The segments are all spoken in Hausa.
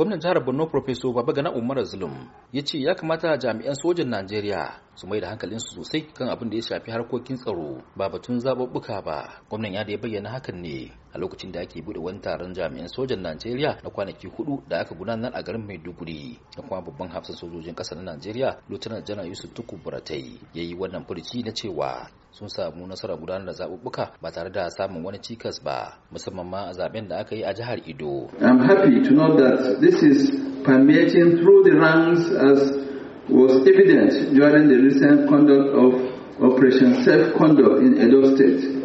gwamnan jihar borno professor babagana umar zulum ya ce ya kamata jami'an sojan najeriya su mai da hankalinsu sosai kan abin da ya shafi harkokin tsaro ba batun zaɓuɓɓuka ba gwamnan ya da ya bayyana hakan ne a lokacin da ake bude wani taron jami'an sojan Najeriya na kwanaki hudu da aka gudanar a garin Maiduguri da kuma babban hafsan sojojin ƙasa na Najeriya Lieutenant General Yusuf Tuku Buratai ya yi wannan furuci na cewa sun samu nasarar gudanar da zaɓuɓɓuka ba tare da samun wani cikas ba musamman ma a zaben da aka yi a jihar Edo. I'm happy to know that this is permeating through the ranks as was evident during the recent conduct of Operation Safe conduct in Edo State.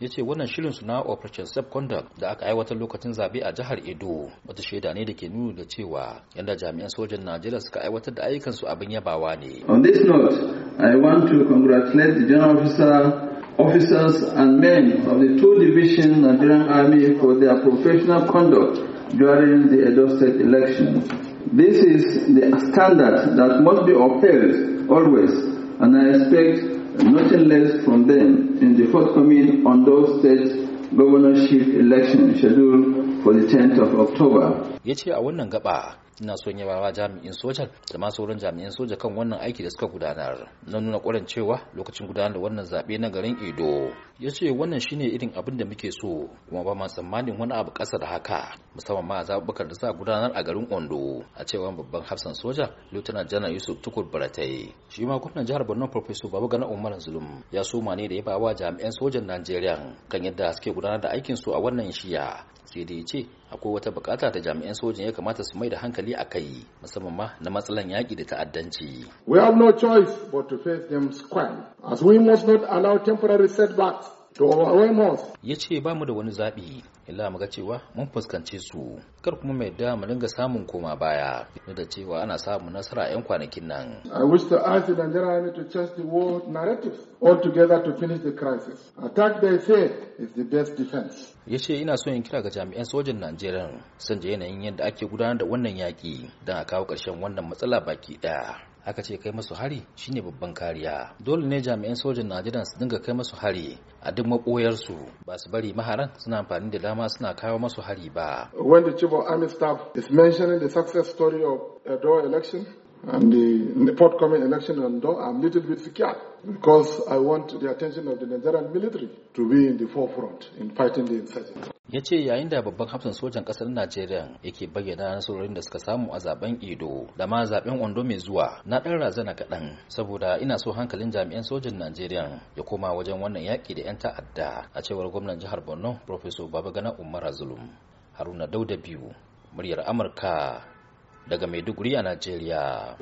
ya ce wannan shirin su na operation safe conduct da aka aiwatar lokacin zabe a jihar edo wata shaida ne da ke nuna da cewa yadda jami'an sojan najeriya suka aiwatar da su abin yabawa ne on this note i want to congratulate the general officer officers and men of the two division Nigerian Army for their professional conduct during the Edo State election. This is the standard that must be upheld always, and I expect nothing less from them in the forthcoming Ondo State governorship election scheduled for the 10th of October. Ya ce a wannan gaba ina son yabawa jami'in sojan da ma sauran jami'an soja kan wannan aiki da suka gudanar na nuna ƙwarin cewa lokacin gudanar da wannan zaɓe na garin edo ya ce wannan shine irin abin da muke so kuma ba ma tsammanin wani abu ƙasa da haka musamman ma a zaɓuɓɓukan da sa gudanar a garin ondo a cewa babban hafsan soja lieutenant janar yusuf tukur baratai shi ma gwamnan jihar borno professor Gana umar zulum ya soma ne da ya bawa jami'an sojan najeriya kan yadda suke gudanar da aikinsu a wannan shiya sai dai ce akwai wata bukata da jami'an sojin ya kamata su mai da hankali a kai musamman ma na matsalan yaƙi da ta'addanci. We have no choice but to face them squarely as we must not allow temporary setbacks to wai most. ya ce ba mu da wani zaɓi illa mu ga cewa mun fuskance su kar kuma mai da mu dinga samun koma baya da cewa ana samun nasara a 'yan kwanakin nan i wish to ask the nigerian to change the war narratives together to finish the crisis attack they say is the best defense ya ce ina so in kira ga jami'an sojan najeriya sanja yanayin yadda ake gudanar da wannan yaƙi don a kawo ƙarshen wannan matsala baki ɗaya aka ce kai masu hari shine babban kariya dole ne jami'an sojin najeriya su dinga kai masu hari a duk maboyarsu ba su bari maharan suna amfani da dama suna kawo masu hari ba when the chief of army staff is mentioning the success story of Edo election and the, the forthcoming election on do I'm a little bit scared because I want the attention of the Nigerian military to be in the forefront in fighting the insurgents ya ce yayin da babban hafsan sojan kasar najeriya yake bayyana nasarorin da suka samu a zaben ido da ma zaben wando mai zuwa na dan razana kaɗan saboda ina so hankalin jami'an sojan najeriya ya koma wajen wannan yaƙi da 'yan ta'adda a cewar gwamnan jihar borno professor Gana umar zulum haruna dauda biyu muryar amurka daga maiduguri a najeriya